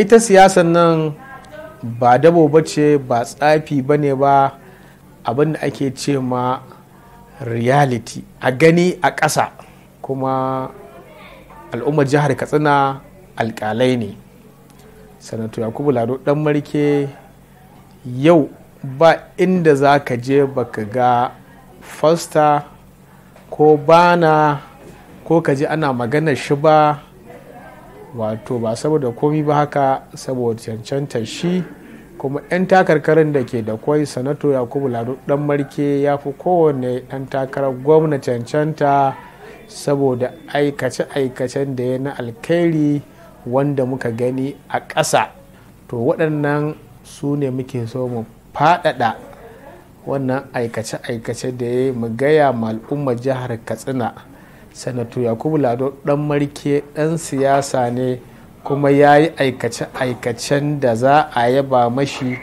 ita siyasan nan ba dabo ba ce ba tsafi ba ne ba abinda ake ce ma reality a gani a ƙasa kuma al'ummar jihar katsina alƙalai ne sanato yakubu lado dan marke yau ba inda za ka je baka ga fasta ko bana ko ka ji ana maganar shi ba wato ba saboda komi ba haka saboda cancanta shi kuma 'yan takarkarin da ke da kwai sanato yakubu lado dan marke ya fi kowane dan takarar gwamna cancanta saboda aikace-aikacen da ya na alkhairi wanda muka gani a ƙasa to waɗannan su ne muke so mu faɗaɗa wannan aikace-aikace da ya mu gaya ma al'ummar jihar katsina sanato yakubu lado dan marke dan siyasa ne kuma ya yi aikace-aikacen da za a yaba mashi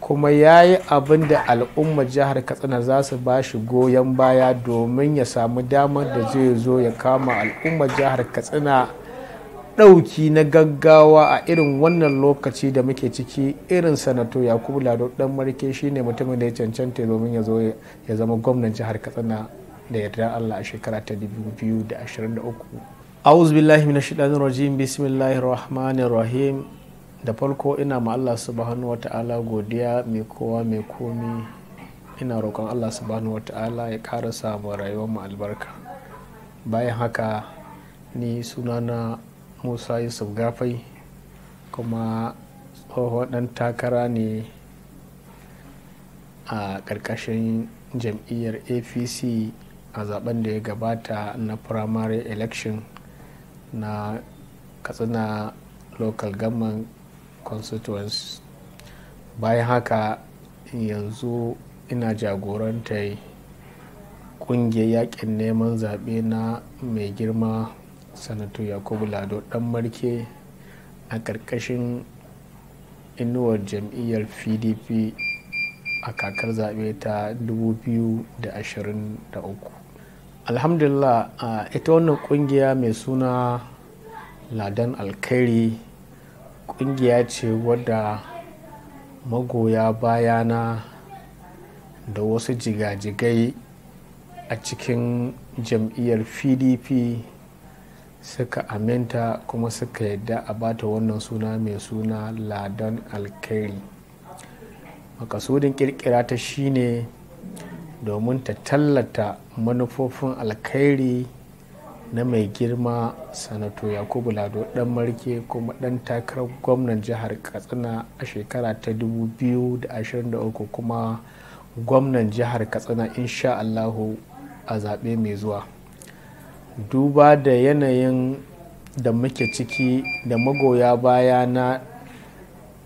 kuma ya yi abin da al'ummar jihar katsina za su ba shi goyon baya domin ya samu damar da zai zo ya kama al'umma jihar katsina ɗauki na gaggawa a irin wannan lokaci da muke ciki irin sanato yakubu lado dan marke shine mutumin da ya cancanta domin ya zo ya zama gwamnan jihar katsina da yardar Allah a shekara ta 2023 a'udhu billahi minash shaitanir rajim bismillahir rahmanir rahim da farko ina ma Allah subhanahu wata'ala godiya mai kowa mai komi ina roƙon Allah subhanahu wata'ala ya ƙara samu rayuwar mu albarka bayan haka ni sunana Musa Yusuf Gafai kuma tsohon ɗan takara ne a ƙarƙashin jam'iyyar apc a zaben da ya gabata na primary election na katsina local government constituency bayan haka yanzu ina jagoranta kungiyar yakin neman zaɓe na mai girma sanato yakubu lado dan marke a ƙarƙashin inuwar jam'iyyar pdp a kakar zaɓe ta 2023 alhamdulillah ita wannan kungiya mai suna ladan alkhairi kungiya ce wadda magoya bayana da wasu jigajigai a cikin jam'iyyar pdp suka aminta kuma suka yadda a bata wannan suna mai suna ladan alkhairi makasudin kirkira ta shine ne domin ta tallata manufofin alkhairi na mai girma sanato yakubu lado dan marke kuma dan takarar gwamnan jihar katsina a shekara ta 2023 kuma gwamnan jihar katsina insha allahu a zaɓe mai zuwa duba da yanayin da muke ciki da magoya baya na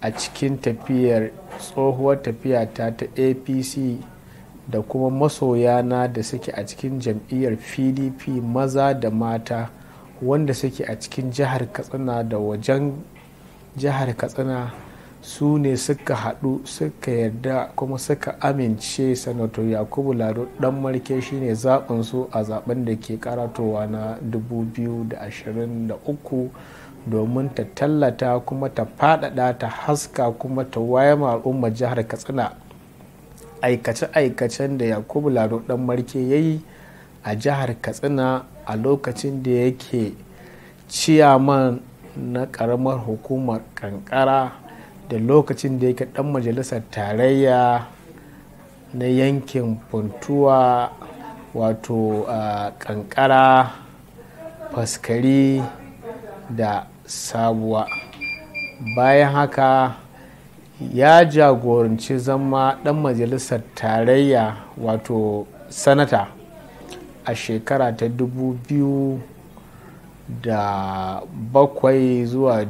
a cikin tafiyar tsohuwar tafiya ta ta apc da kuma masoya na da suke a cikin jam'iyyar pdp maza da mata wanda suke a cikin jihar katsina da wajen jihar katsina su ne suka haɗu suka yarda kuma suka amince sanato yakubu lado dan marke shine zaɓin su a zaben da ke karatowa na 2023 domin ta tallata kuma ta fadada ta haska kuma ta wayama al'ummar jihar katsina aikace-aikacen da yakubu lado dan marke ya yi a jihar katsina a lokacin da yake ciyaman na karamar hukumar kankara da lokacin da yake dan majalisar tarayya na yankin puntuwa wato kankara faskari da sabuwa bayan haka ya jagoranci zama ɗan majalisar tarayya wato sanata a shekara ta 2007 zuwa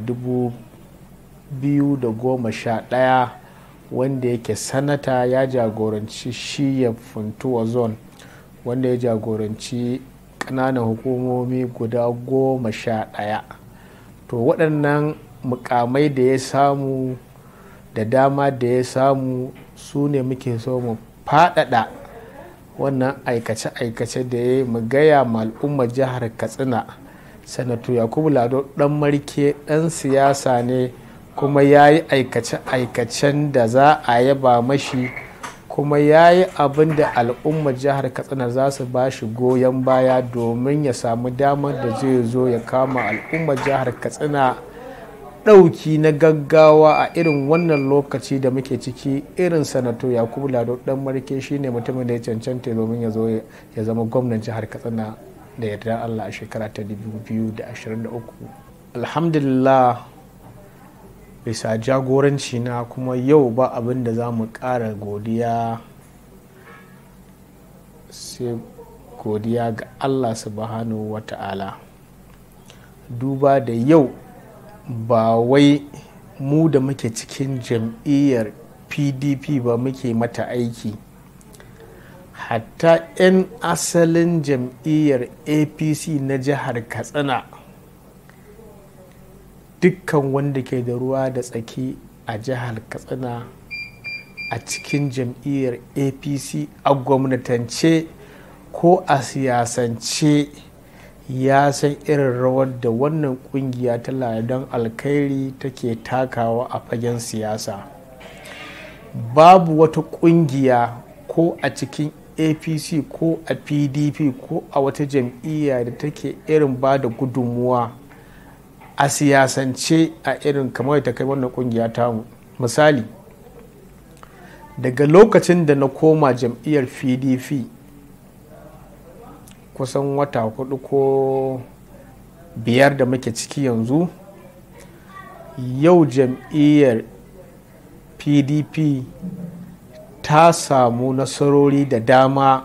2011 wanda yake sanata ya jagoranci shiya funtuwa zone wanda ya jagoranci ƙananan hukumomi guda goma sha ɗaya to waɗannan mukamai da ya samu da dama da ya samu su ne muke so mu faɗaɗa wannan aikace-aikace da ya mu gaya ma al'ummar jihar katsina sanato yakubu lado dan marke dan siyasa ne kuma ya yi aikace-aikacen da za a yaba mashi kuma ya yi abin da al'ummar jihar katsina za su ba shi goyon baya domin ya samu damar da zai zo ya kama al'ummar jihar katsina ɗauki na gaggawa a irin wannan lokaci da muke ciki irin sanato yakubu lado dan marke shine mutumin da ya cancanta domin ya zo ya zama gwamnan jihar katsina da yarda allah a shekara ta 2023 alhamdulillah bisa jagoranci na kuma yau ba abin da za mu ƙara godiya sai godiya ga allah subhanahu wa ta'ala duba da yau ba wai mu da muke cikin jam'iyyar pdp ba muke mata aiki hatta 'yan asalin jam'iyyar apc na jihar katsina dukkan wanda ke da ruwa da tsaki a jihar katsina a cikin jam'iyyar apc a gwamnatance ko a siyasance ya san irin rawar da wannan kungiya ta ladan alkhairi take takawa a fagen siyasa babu wata kungiya ko a cikin apc ko a pdp ko a wata jam'iyya da take irin ba da gudunmuwa a siyasance a irin kamar ta kai wannan kungiya tamu misali daga lokacin da na koma jam'iyyar pdp kusan wata hudu ko biyar da muke ciki yanzu yau jam'iyyar pdp ta samu nasarori da dama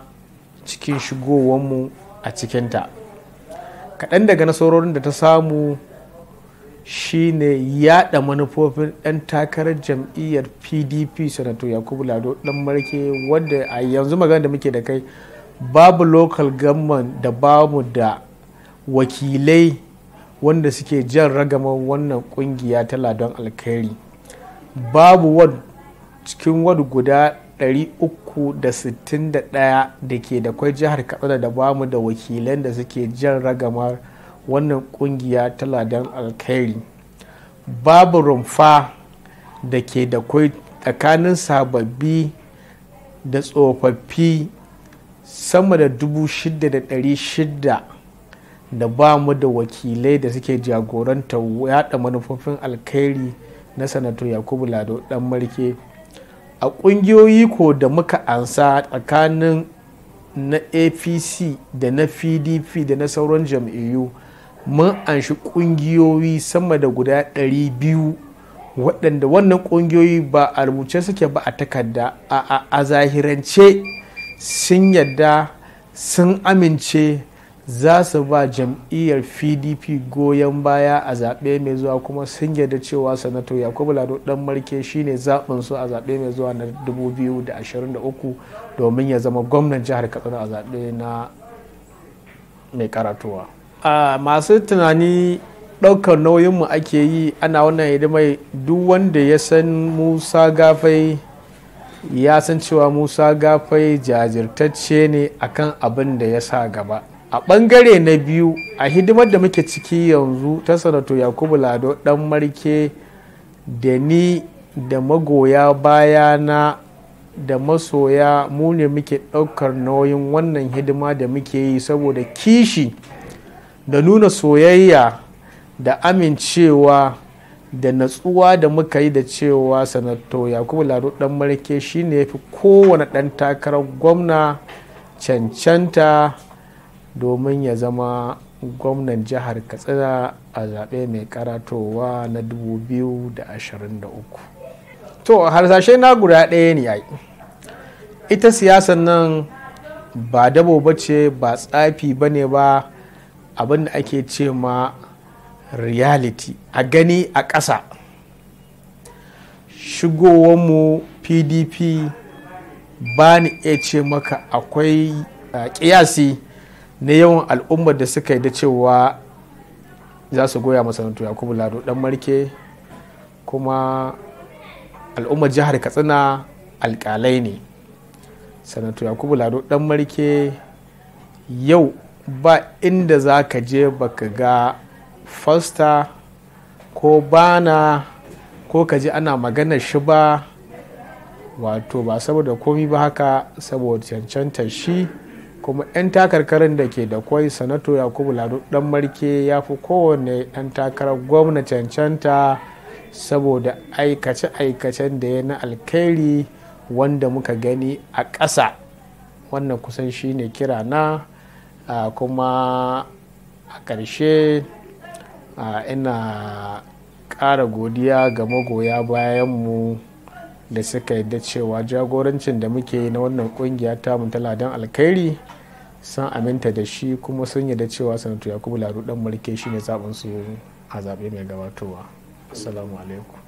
cikin shigowanmu a cikinta kaɗan daga nasarorin da ta samu shine yada manufofin ɗan takarar jam'iyyar pdp sanato yakubu lado ɗan marke wadda a yanzu magana da muke da kai babu local government da bamu da wakilai wanda suke jan ragaman wannan kungiya ta ladon alkhairi babu wad cikin wadu guda 361 da ke da kwai jihar katsina da bamu da wakilan da suke jan ragamar wannan kungiya ta ladon alkhairi babu rumfa da ke da kwai tsakanin sababbi da tsofaffi sama da dubu shida da ɗari shida da ba mu da wakilai da suke jagoranta yada manufofin alkhairi na sanato yakubu lado dan marke a ƙungiyoyi ko da muka ansa tsakanin na apc da na pdp da na sauran jam'iyyu mun anshi ƙungiyoyi sama da guda 200 waɗanda wannan ƙungiyoyi ba a rubuce suke ba a takarda a zahirance sun yadda sun amince za su ba jam'iyyar pdp goyon baya a zaɓe mai zuwa kuma sun yarda cewa sanato yakubu lado dan marke shine zaɓin su a zaɓe mai zuwa na 2023 domin ya zama gwamnan jihar katsina a zaɓe na mai karatuwa masu tunani ɗaukar nauyinmu ake yi ana wannan mai duk wanda ya san musa gafai ya san cewa musa gafai jajirtacce ne akan abin da ya sa gaba a ɓangare na biyu a hidimar da muke ciki yanzu ta sanato yakubu lado dan marke da ni da magoya bayana da masoya mu ne muke ɗaukar nauyin wannan hidima da muke yi saboda kishi da nuna soyayya da amincewa da natsuwa da muka yi da cewa sanato yakubu lado dan marke shine ya fi kowane dan takarar gwamna cancanta domin ya zama gwamnan jihar katsina a zaɓe mai karatowa na 2023 to harsashe na guda ɗaya ne yayi ita siyasan nan ba dabo ba ce ba tsafi ba ne ba abinda ake ce ma reality a gani a ƙasa shigowanmu pdp ba ni iya ce maka akwai ƙiyasi na yawan al'ummar da suka yi da cewa za su goya masanantu yakubu lado dan marke kuma al'ummar jihar katsina alƙalai ne sanatu yakubu lado dan marke yau ba inda za ka je baka ga fosta ko bana ko ka ji ana maganar shi ba wato ba saboda komi ba haka saboda cancantar shi kuma 'yan takarkarin da ke da kwai sanato yakubu ladu dan marke ya fi kowane 'yan takarar gwamna cancanta saboda aikace-aikacen da ya na alkhairi wanda muka gani a ƙasa wannan kusan shi ne kira na kuma a ƙarshe ina ƙara godiya ga magoya bayan mu da suka yadda cewa jagorancin da muke na wannan kungiya ta ladan alkhairi san aminta da shi kuma sun yadda cewa sanatu yakubu laru dan mulke shine zaben su a zaɓe mai gabatowa assalamu alaikum